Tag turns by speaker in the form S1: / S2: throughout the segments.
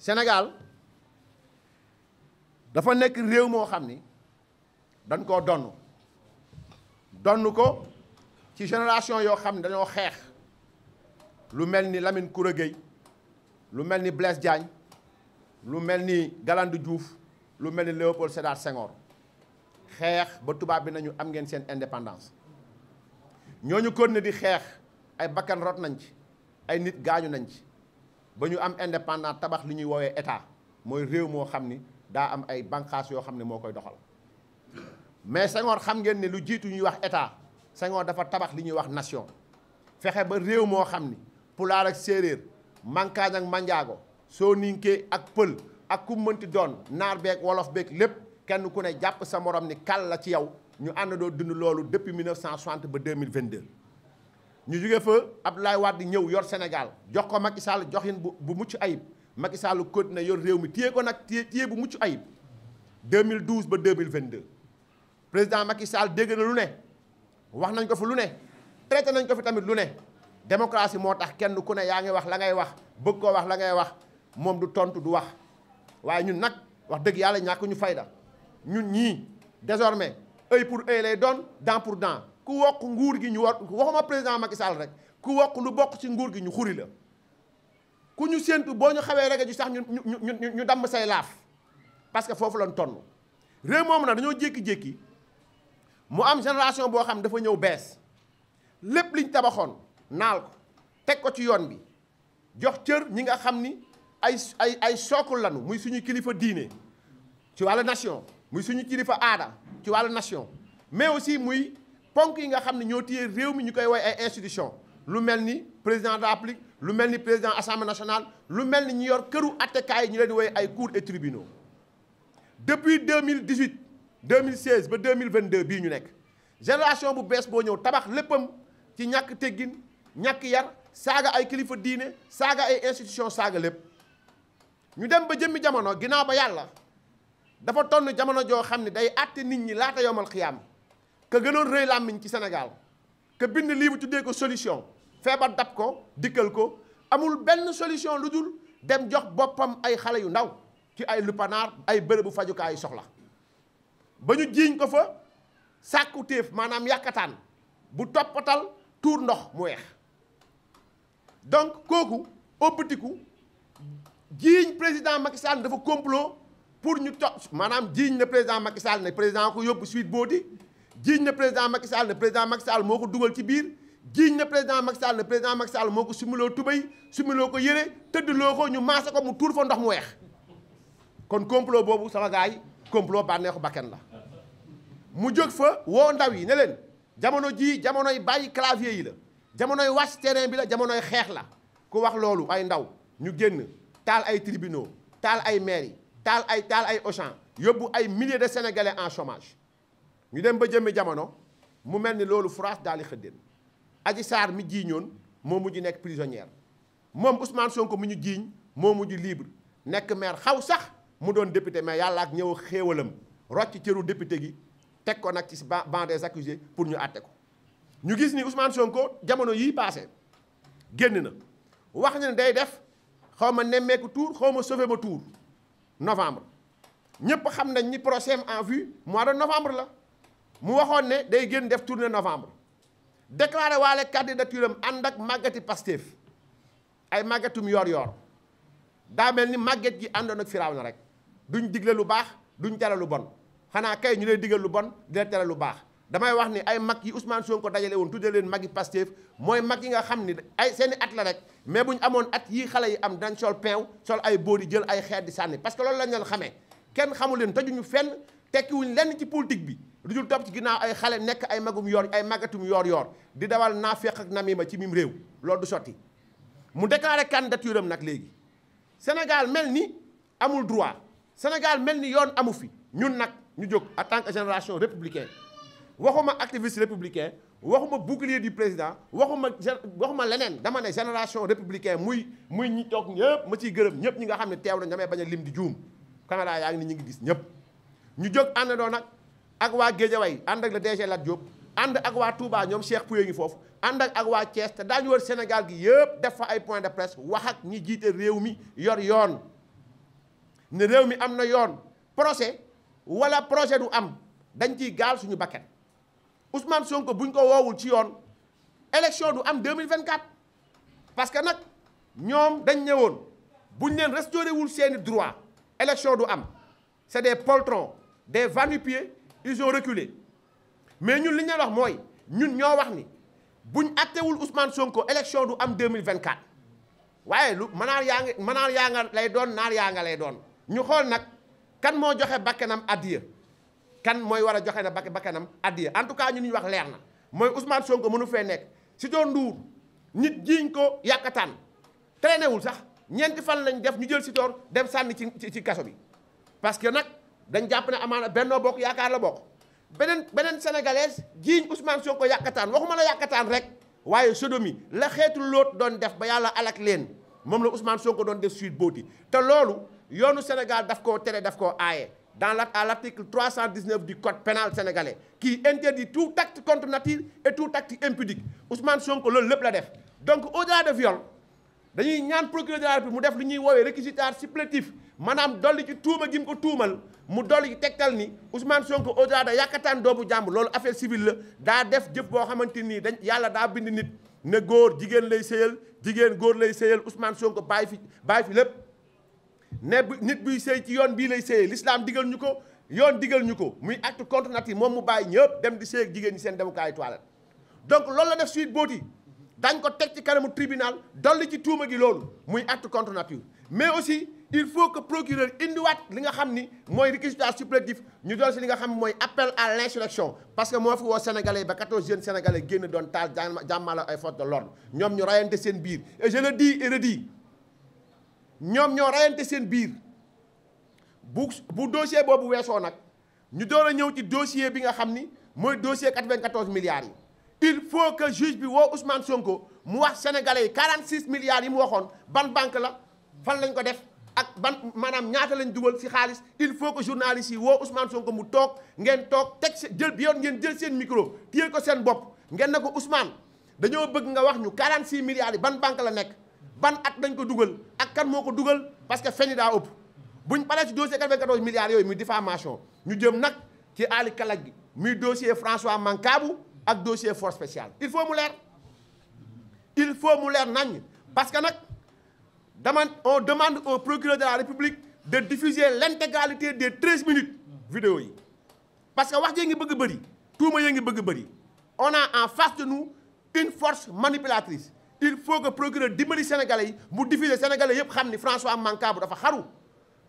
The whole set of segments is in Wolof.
S1: Sénégal dafa nekk réew moo xam ni dañ koo donn donn ko ci génération yoo xam ne dañoo xeex lu mel ni lamin kure Gueye lu mel ni Blaise Diagne lu mel ni Galandou juuf lu mel ni Léopold Sédar Senghor xeex ba tubaab bi nañu am ngeen seen indépendance ñooñu kon ne di xeex ay bakkan rot nañ ci ay nit gaañu nañ ci ba ñu am indépendant tabax li ñuy woowee état mooy réew moo xam ni daa am ay bànqaas yoo xam ne moo koy doxal mais Senghor xam ngeen ne lu jiitu ñuy wax état Senghor dafa tabax li ñuy wax nation fexe ba réew moo xam ni pulaar ak séeréer mankaañ ak manjaago sooninke ak pël ak ku mënti doon naar beeg wolof beeg lépp kenn ku ne jàpp sa morom ni kal la ci yow ñu ànd doo dund loolu depuis 1960 ba 2022 ñu jóge fa Abdoulaye Wade ñëw yor Sénégal jox ko Macky Sall joxin bu bu mucc ayib Macky Sall kóot na yor réew mi téye ko nag téye téye bu mucc ayib 2012 ba 2022 président Macky Sall dégg na lu ne wax nañ ko fi lu ne traité nañ ko fi tamit lu ne démocratie moo tax kenn ku ne yaa ngi wax la ngay wax bëgg koo wax la ngay wax moom du tontu du wax waaye ñun nag wax dëgg yàlla ñàkk ñu fayda ñun ñii désormais œil pour œil lay doon dent pour dent ku wokk nguur gi ñu war waxuma président Macky rek ku wokk lu bokk ci nguur gi ñu xuri la ku ñu séentu boo ñu xawee rek ju sax ñu ñu ñu ñu damm say laaf parce que foofu lañ tonn réew moom na dañoo jékki-jékki mu am génération boo xam dafa ñëw bees lépp liñ tabaxoon naal ko teg ko ci yoon bi jox cër ñi nga xam ni ay ay ay sookul lanu muy suñu kilifa diine ci wàllu nation muy suñu kilifa aada ci wàllu nation mais aussi muy ponk yi nga xam ne ñoo téye réew mi ñu koy woy ay institution lu mel ni président de la République lu mel ni président assemblée nationale lu mel ni ñu yor këru attekaay yi ñu leen woy ay cours et tribunaux depuis mille 2016 ba 2022 bii ñu nekk génération bu bees boo ñëw tabax léppam ci ñàkk teggin ñàkk yar saaga ay kilifa diine saaga ay institution saaga lépp ñu dem ba jëmmi jamono ginnaaw ba yàlla dafa tonn jamono joo xam ne day àtte nit ñi laata yomal ka gënoon rëy làmmiñ ci senegal ka bind lii bu tuddee ko solution feebar dab ko dikkal ko amul benn solution lu dul dem jox boppam ay xale yu ndaw ci ay lupanaar ay bërëbu fajukaayu soxla ba ñu jiiñ ko fa sàkku maanaam yàkkataan bu toppatal tuur ndox mu weex donc kooku ëbbatiku jiiñ président Macky Sall dafa complot pour ñu to maanaam jiiñ na président Macky Sall ne président ko yóbbu suite boo di jiiñ na président Macky Sall le président Macky moo ko dugal ci biir jiiñ na président Macky Sall le président Macky Sall moo ko sumiloo tubéy sumiloo ko yére tëddloo ko ñu maase ko mu tuur fa ndox mu weex kon complot boobu sama gars yi complot bànneexu bakken la mu jóg fa woo ndaw yi ne leen jamono jii jamonoy bàyyi clavier yi la jamonoy wàcc terrain bi la jamonoy xeex la ku wax loolu ay ndaw ñu génn taal ay tribunaux taal ay mairie taal ay taal ay Auchan yóbbu ay milliers de sénégalais en chômage ñu dem ba jëmmi jamono mu mel ni loolu France daal di xëddeen Adji Sarr mi jiiñoon moo mujj nekk prisonnière moom Ousmane Sonko mu ñu jiiñ moo mujj libre nekk maire xaw sax mu doon député mais yàlla ak ñëw xéewalam rocc cëru député gi teg ko nag ci banc des accusés pour ñu àtte ko. ñu gis ni Ousmane Sonko jamono yii passé génn na wax na ne day def xaw ma nemmeeku tour xaw ma sauver ma tour novembre ñëpp xam nañ ni procès en vue mois de novembre la. mu waxoon ne day génn def tournée novembre déclaré waale candidature am ànd ak màggati Pastef ay màggetum yoor yor daa mel ni màgget gi àndoon ak firaaw na rek duñ digle lu baax duñ tere lu bon xanaa kay ñu lay digal lu bon di la tere baax damay wax ni ay mag yi Ousmane Sonko dajale woon tuddee leen mag magi Pastef mooy mag yi nga xam ni ay seeni at la rek mais bu ñu amoon at yii xale yi am dañ sol peew sol ay boori jël ay xeet di sànni parce que loolu lañ leen xamee kenn xamu leen tëjuñu fenn tekkiwuñ lenn ci politique bi. du jul topp ci ginnaaw ay xale nekk ay magum yor ay magatum yor-yor di dawal naafeq ak ma ci mim réew loolu du sotti mu déclaré candidature am nag léegi Sénégal mel ni amul droit Sénégal mel ni yoon amu fi ñun nag ñu jóg en tant que génération républicaine waxuma activiste républicain waxuma bouclier di président waxuma waxuma leneen dama ne génération républicain muy muy ñi toog ñëpp ma ciy gërëm ñëpp ñi nga xam ne teew na damay bañ a lim di juum Canada yaa ngi ni ñu ngi gis ñëpp ñu jóg àndandoo nag. ak waa Géejawaay ànd ak le DG Lat Diop ànd ak waa Touba ñoom Cheikh Pouye ngi foofu ànd ak ak waa Thiès te daañu wër Sénégal gi yëpp def fa ay point de presse wax ak ñi jiite réew mi yor yoon ne réew mi am na yoon procès wala projet du am dañ ciy gaal suñu bakkan Ousmane Sonko buñ ko woowul ci yoon élection du am 2024 parce que nag ñoom dañ ñëwoon buñ leen restauré wul seeni droit élection du am c'est des poltrons des va ils ont reculé mais ñun li ñu wax mooy ñun ñoo wax ni buñ attewul Ousmane Sonko élection du am 2024 waaye lu manaar yaa ngi manaar yaa nga lay doon naar yaa nga lay doon ñu xool nag kan moo joxe bakkanam addiya kan mooy war a joxe na bakkanam addiya en tout cas ñun ñu wax leer na mooy Ousmane Sonko mënu fee nekk Sitor Ndour nit jiiñ ko yàkkataan traîné sax ñeenti fan lañ def ñu jël Sitor dem sànni ci ci kaso bi parce nag dañ jàpp ne amaana Benno Bokk Yaakaar la bokk beneen beneen sénégalaise jiiñ Ousmane Sonko yàkkataan waxuma la yàkkataan rek waaye sodomi la xeetu lóot doon def ba yàlla alak leen moom la Ousmane Sonko doon def suite booti te loolu yoonu Sénégal daf koo tere daf ko aaye dans la à l'article 319 du code pénal sénégalais qui interdit tout acte contre nature et tout acte impudique Ousmane Sonko loolu lépp la def donc au-delà de viol dañuy ñaan procureur mu def lu ñuy woowee réquisitoire supplétif maanaam dolli ci tuuma gi mu ko tuumal mu dolli tegtal ni Ousmane Sonko au-delà da yàkkataan doomu jàmb loolu affaire civile la daa def jëf boo xamante nii dañ yàlla daa bind nit ne góor jigéen lay sëyal jigéen góor lay sëyal Ousmane Sonko bàyyi fi bàyyi fi lépp ne nit buy sëy ci yoon bii lay sëyee l'islam digal ñu ko yoon digal ñu ko muy acte contre nature moom mu bàyyi ñëpp dem di sëy ak jigéen ñi seen demukaayu toilette donc loolu la def suite booti dañ ko teg ci kanamu tribunal dolli ci tuuma gi loolu muy acte contre il faut que procureur indiwaat li nga xam ni mooy réquisitoire supplétif ñu doon si li nga xam mooy appel à l'insurrection parce que moo fi woo sénégalais ba 14 jeunes sénégalais génn doon taal jàmmaala ay forces de l'ordre ñoom ñu rayante seen biir et je le dis ñoom ñoo rayante seen biir bu bu dossier boobu weesoo nag ñu doon a ñëw ci dossier bi nga xam ni mooy dossier 94 milliards yi il faut que juge bi woo Ousmane Sonko mu wax sénégalais yi 46 milliards yi mu waxoon ban banque la fan lañ ko def ak ban maanaam ñaata lañ dugal ci xaalis il faut ko journalistes yi woo Ousmane Sonko mu toog ngeen toog teg jël bi yoon ngeen jël seen micro téye ko seen bopp ngeen ne ko Ousmane dañoo bëgg nga wax ñu 46 milliards yi ban banque la nekk ban at dañ ko dugal ak kan moo ko dugal parce que feñ daa ëpp buñ paree ci dossier 94 milliards yooyu muy diffamation ñu jëm nag ci Ali Kalaj gi muy dossier François Mancabou ak dossier force spéciale il faut mu leer il faut mu leer nañ on demande o procureur de la République de diffuser l'intégralité des 13 minutes vidéo yi parce que wax jee ngi bëgg bëri tuuma yee ngi bëgg bëri on a en face de nous une force manipulatrice il faut que procureur dimbali sénégalais yi mu diffuser sénégalais yëpp xam ni François Mancabou dafa xaru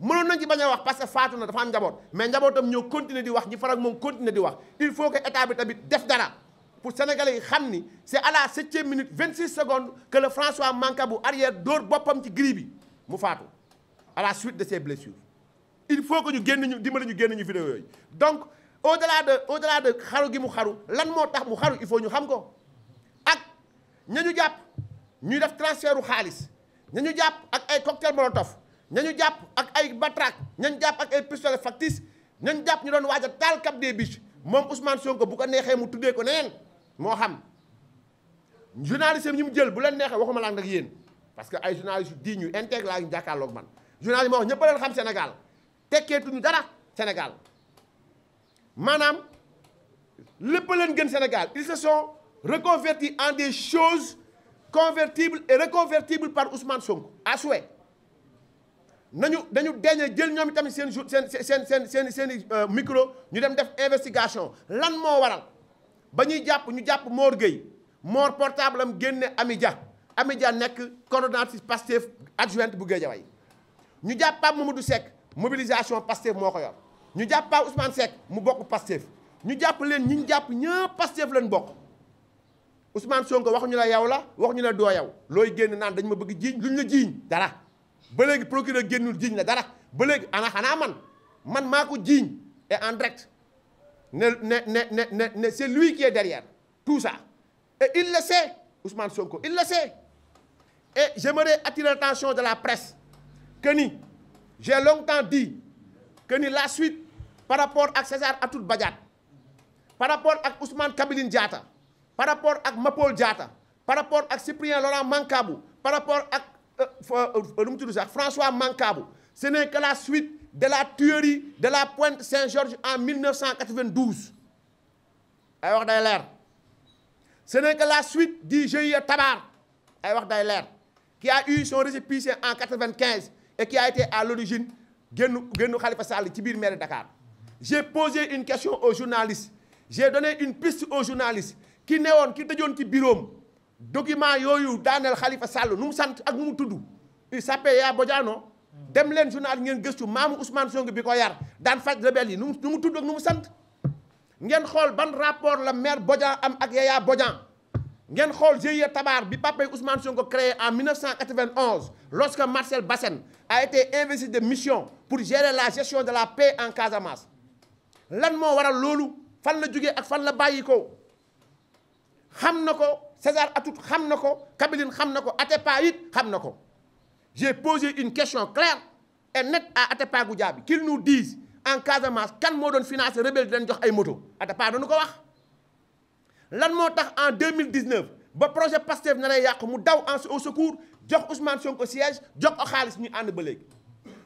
S1: mënoon nañ ci bañ a wax parce que faatu na dafa am njaboot mais njabootam ñoo continuer di wax ñi faral moom continuer di wax il faut que état bi tamit def dara pour sénégalais yi xam ni c'est à la septième minute vingt six secondes que le François Mancabou arrière dóor boppam ci gris bi mu faatu à la suite de ses blessures il faut que ñu génn ñu dimbali ñu génn ñu vidéo yooyu donc au la de au la de xaru gi mu xaru lan moo tax mu xaru il faut ñu xam ko ak ña ñu jàpp ñuy def transfert xaalis ña ñu jàpp ak ay cocktail molotov ña ñu jàpp ak ay batraque ña ñu jàpp ak ay pistolet factice ña ñu jàpp ñu doon waaj a cap moom Ousmane Sonko bu ko neexee mu tuddee ko neneen moo xam journaliste yi ñu mu jël bu leen neexee waxuma laa nag yéen parce que ay journaliste yu ñu intègre laa ñu jàkkaarloog man journaliste moo wax ñëpp a leen xam Sénégal tekkeetuñu dara Sénégal maanaam lépp leen gën Sénégal ils se sont reconvertis en des choses convertibles et reconvertibles par Ousmane Sonko à souhait nañu dañu deñe jël ñoom itamit seen seen seen seen seen seen micro ñu dem def investigation lan moo waral ba ñuy jàpp ñu jàpp moor Gueye Mor portable am génne Amidia Amidia nekk coordonnatrice Pastef adjointe bu Guédiawaye ñu jàpp Pape du Seck mobilisation Pastef moo ko yor ñu jàpp Pape Ousmane mu bokk Pastef ñu jàpp leen ñi ñu jàpp ñëpp Pastef leen bokk Ousmane Sonko waxuñu la yow la waxuñu la doo yow looy génn naan dañ ma bëgg jiiñ luñ la jiiñ dara ba léegi procureur génnul jiiñ la dara ba léegi ana xanaa man man maa ko jiiñ et en direct ne ne ne ne ne c'est lui qui est derrière tout ça et il le sait Sonko il le sait et j'aimerais attirer l'attention de la presse que ni j'ai longtemps dit que ni la suite par rapport ak César Atoute Badiate par rapport ak Ousmane Kabiline jaata par rapport ak Mapol jaata par rapport ak Cyprien Laurent Mancabou par rapport ak euh, euh, euh, nu mu tudd sax François Mancabou ce n'est que la suite de la tuerie de la Pointe Saint-Georges en 1992 ay wax day leer ce n'est que la suite du GIE Tabar ay wax day leer qui a eu son récépissé en 95 et qui a été à l'origine génnu génnu Khalifa Sall ci biir mairie Dakar j'ai posé une question aux journalistes j'ai donné une piste aux journalistes ki newoon ki tëjoon ci bureau document yooyu daaneel Khalifa Sall nu mu sant ak nu mu tudd il s'appelle Yaya dem leen journal ngeen gëstu maamu Ousmane Sonko bi ko yar daan faj rebelle yi nu mu nu mu tudd ak nu mu sant ngeen xool ban rapport la maire Bodian am ak Yaya Bodian ngeen xool GIE Tabar bi papay Ousmane Sonko créé en 1991 lorsque Marcel Bassène a été investi de mission pour gérer la gestion de la paix en Casamance lan moo waral loolu fan la jógee ak fan la bàyyi ko xam na ko César Atoute xam na ko Kabiline xam na ko Atepa it xam na ko J'ai posé une question claire et nette à Atepa Goudiaby qu'il nous dise en Casamance kan moo doon financé rebelle di leen jox ay moto Atepa doonu ko wax lan moo tax en 2019 ba projet Pastef na lay yàqu mu daw en au secours jox Ousmane Sonko siège jox ko xaalis ñu ànd ba léegi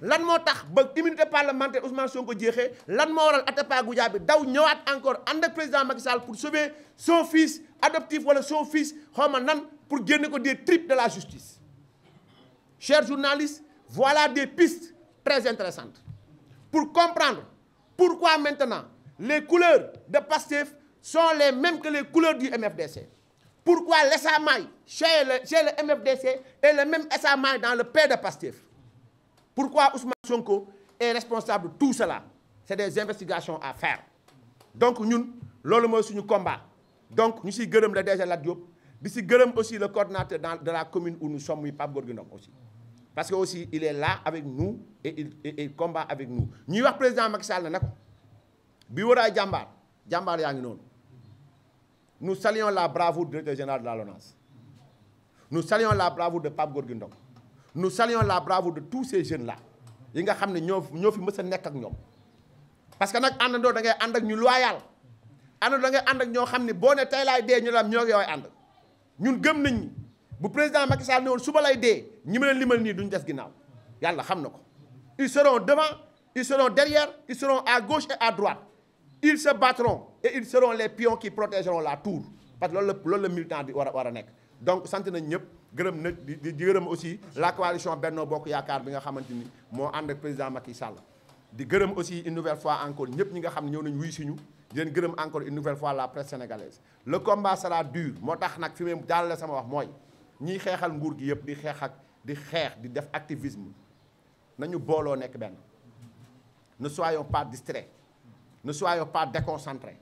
S1: lan moo tax ba immunité parlementaire Ousmane Sonko jeexee lan moo waral Atepa bi daw ñëwaat encore ànd président Macky Sall pour sauver son fils adoptif wala son fils xaw ma nan pour génne ko des tripes de la justice Chers journalistes, voilà des pistes très intéressantes pour comprendre pourquoi maintenant les couleurs de PASTEF sont les mêmes que les couleurs du MFDC. Pourquoi l'SAMAI chez le, chez le MFDC est le même e SAMAI dans le père de PASTEF. Pourquoi Ousmane Sonko est responsable de tout cela. C'est des investigations à faire. Donc ñun loolu mooy suñu combat donc ñu siy gërëm le DG Lat Diop di si gërëm aussi le coordinateur dans de la commune où nous sommes parce que aussi il est là avec nous et il combat avec nous ñuy wax président Macky Sall na ko bi war jàmbaar jàmbaar yaa ngi noonu nous saluons la bravoure du directeur général de la LONASE nous saluons la bravoure de Pape Gorgui Ndong nous saluons la bravoure de tous ces jeunes là yi nga xam ne ñoo ñoo fi mës nekk ak ñoom parce que nag àndandoo da ngay ànd ak ñu loyal àndandoo da ngay ànd ak ñoo xam ne boo ne tey laay dee ñu lam ñoo ngi ànd ñun gëm nañ bu président Macky Sall ne woon suba lay dee ñi ma leen limal nii duñ des ginnaaw yàlla xam na ko ils seront devant ils seront derrière ils seront à gauche et à droite ils se battront et ils seront les pions qui protégeront la tour parce que lool la loolu la militant bi war a war a nekk donc sant nañ ñëpp gërëm na di gërëm aussi la coalition Benno Bokk Yaakaar bi nga xamante ni moo ànd ak président Macky di gërëm aussi une nouvelle fois encore ñëpp ñi nga xam ne ñëw nañ wuy si ñu di leen gërëm encore une nouvelle fois la presse sénégalaise moo tax nag fi may daal la sama wax mooy ñiy xeexal nguur gi yëpp di xeex ak di xeex di def activisme nañu booloo nekk benn ne soyons pas distraits ne soyons pas déconcentrés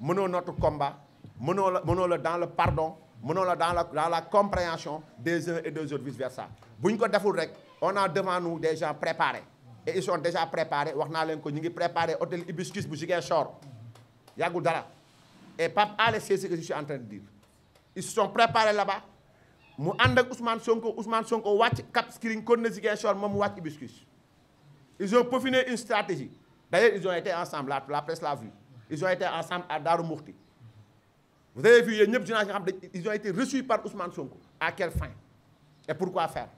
S1: menons notre combat menons la menons la dans le pardon menons la dans la dans la compréhension des uns et des autres vice versa bu ñu ko deful rek on a devant nous des gens préparés et ils sont préparés wax naa leen ko ñu ngi préparé hôtel Hibiscus bu Ziguinchor yàggul dara et Pape Alé c'est ce que je suis en train dire ils préparés là-bas mu ànd ak Ousmane Sonko Ousmane Sonko wàcc Cap Skirring kon na Ziguinchor moom mu wàcc Hibiscus ils ont peaufiné une stratégie d'ailleurs ils ont été ensemble la la l'a vu ils ont été ensemble à Darou Mouhty vous avez vu yéen ñëpp journalistes nga xam ne ils ont été reçus par Ousmane Sonko à quelle fin et pourquoi faire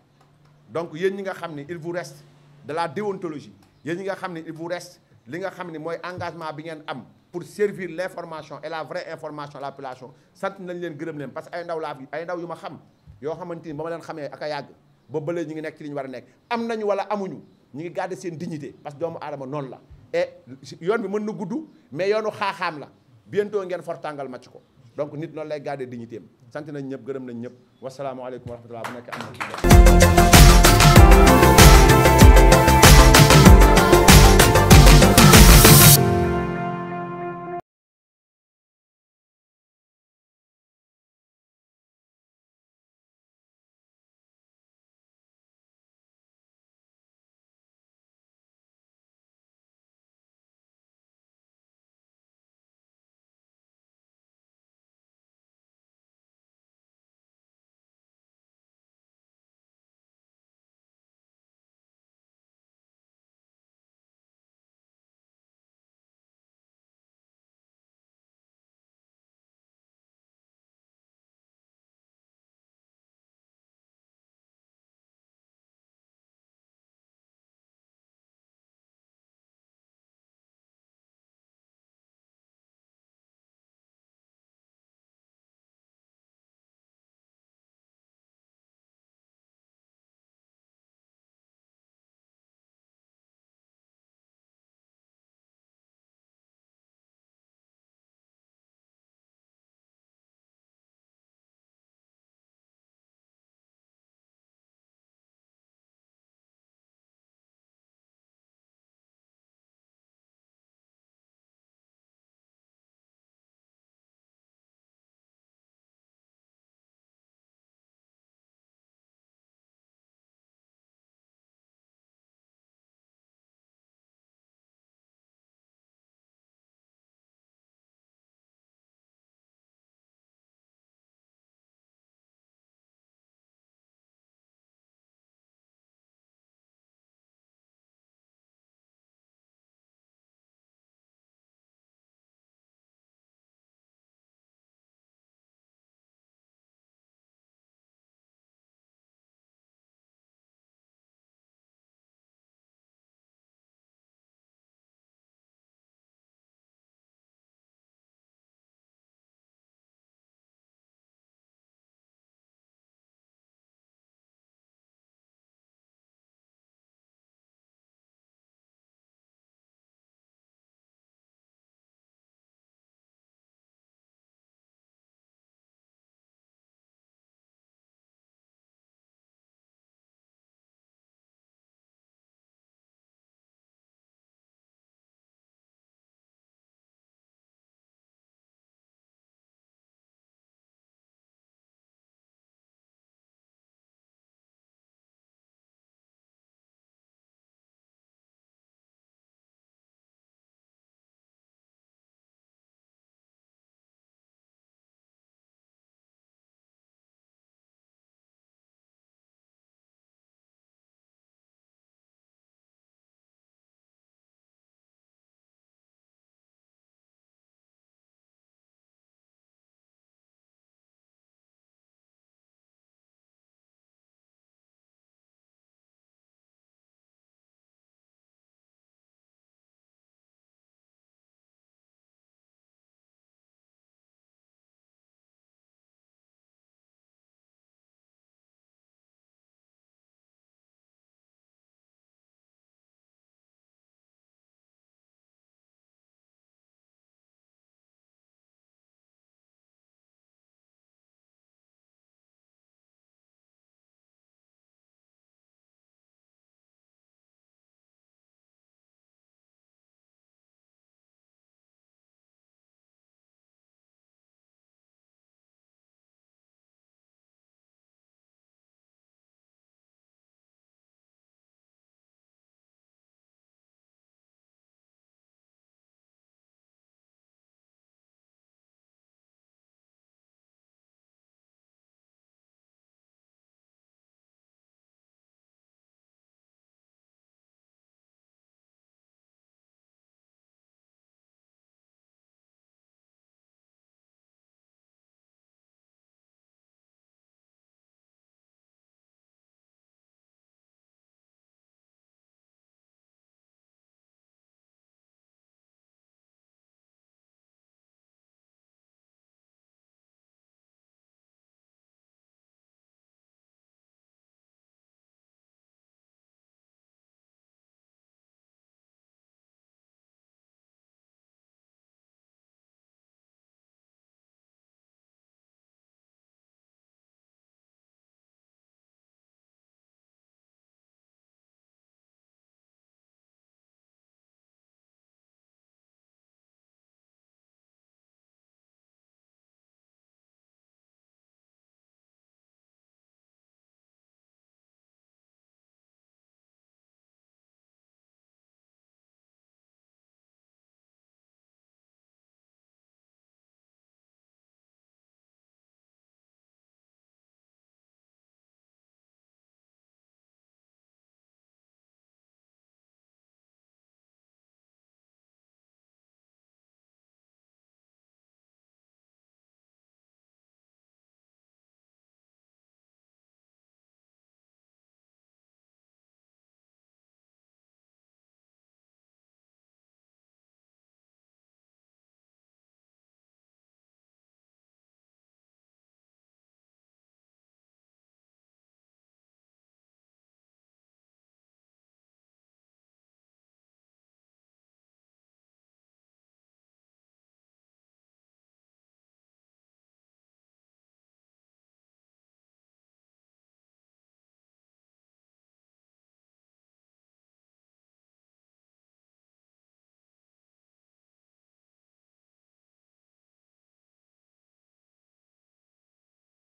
S1: donc yéen ñi nga xam ne il vous reste de la déontologie yéen ñi nga xam ne il vous reste li nga xam ni mooy engagement bi ngeen am pour servir l'information et la vraie information la population sant nañ leen gërëm leen parce que ay ndaw laa ay ndaw yu ma xam yoo xamante ni ba ma leen xamee ak yàgg ba bële ñu ngi nekk ci li ñu war a nekk am nañu wala amuñu ñu ngi garder seen dignité parce que doomu aadama noonu la e yoon bi mën na gudd mais yoonu xaaxaam la bientôt ngeen fortàngal màcc ko donc nit noonu lay garder dignité am sant nañ ñëpp gërëm nañ ñëpp wasalaamualeykum wa rahmatullah bu nekk am na